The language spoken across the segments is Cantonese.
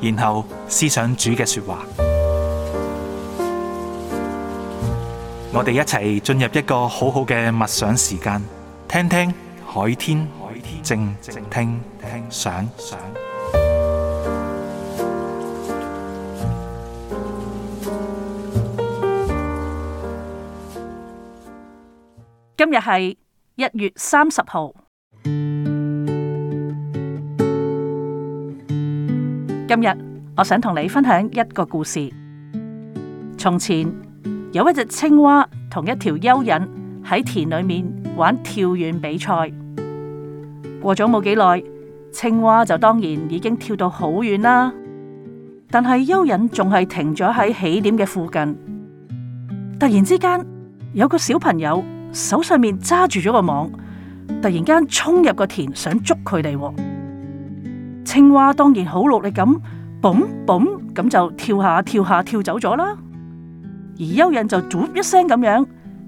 然後思想主嘅說話，嗯、我哋一齊進入一個好好嘅默想時間，聽聽海天靜聽聽想。今日係一月三十號。今日我想同你分享一個故事。從前有一隻青蛙同一條蚯蚓喺田裏面玩跳遠比賽。過咗冇幾耐，青蛙就當然已經跳到好遠啦。但係蚯蚓仲係停咗喺起點嘅附近。突然之間，有個小朋友手上面揸住咗個網，突然間衝入個田想捉佢哋。青蛙當然好努力咁，嘣嘣咁就跳下跳下跳走咗啦。而蚯蚓就噗一聲咁樣，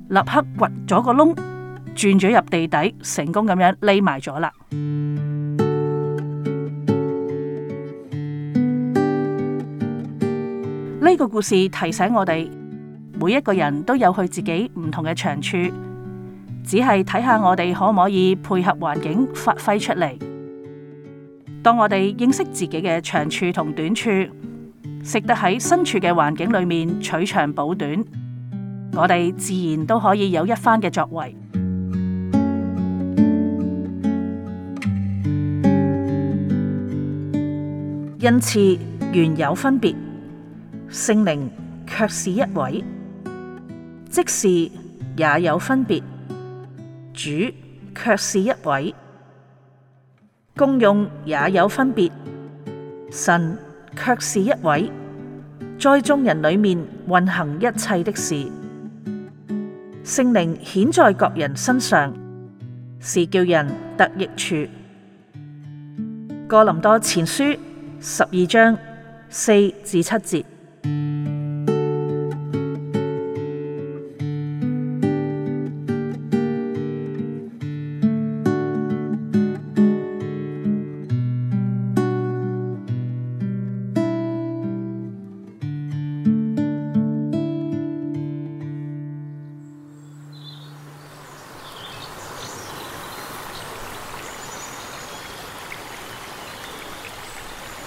立刻掘咗個窿，轉咗入地底，成功咁樣匿埋咗啦。呢個故事提醒我哋，每一個人都有佢自己唔同嘅長處，只係睇下我哋可唔可以配合環境，發揮出嚟。當我哋認識自己嘅長處同短處，識得喺身處嘅環境裏面取長補短，我哋自然都可以有一番嘅作為。 恩賜，原有分別，聖靈卻是一位；即時也有分別，主卻是一位。功用也有分別，神卻是一位，在眾人裏面運行一切的事，聖靈顯在各人身上，是叫人得益處。哥林多前書十二章四至七節。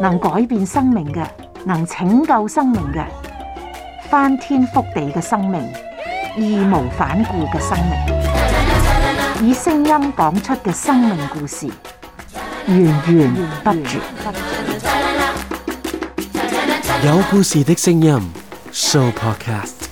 能改變生命嘅，能拯救生命嘅，翻天覆地嘅生命，義無反顧嘅生命，以聲音講出嘅生命故事，源源不絕。有故事的聲音，Show Podcast。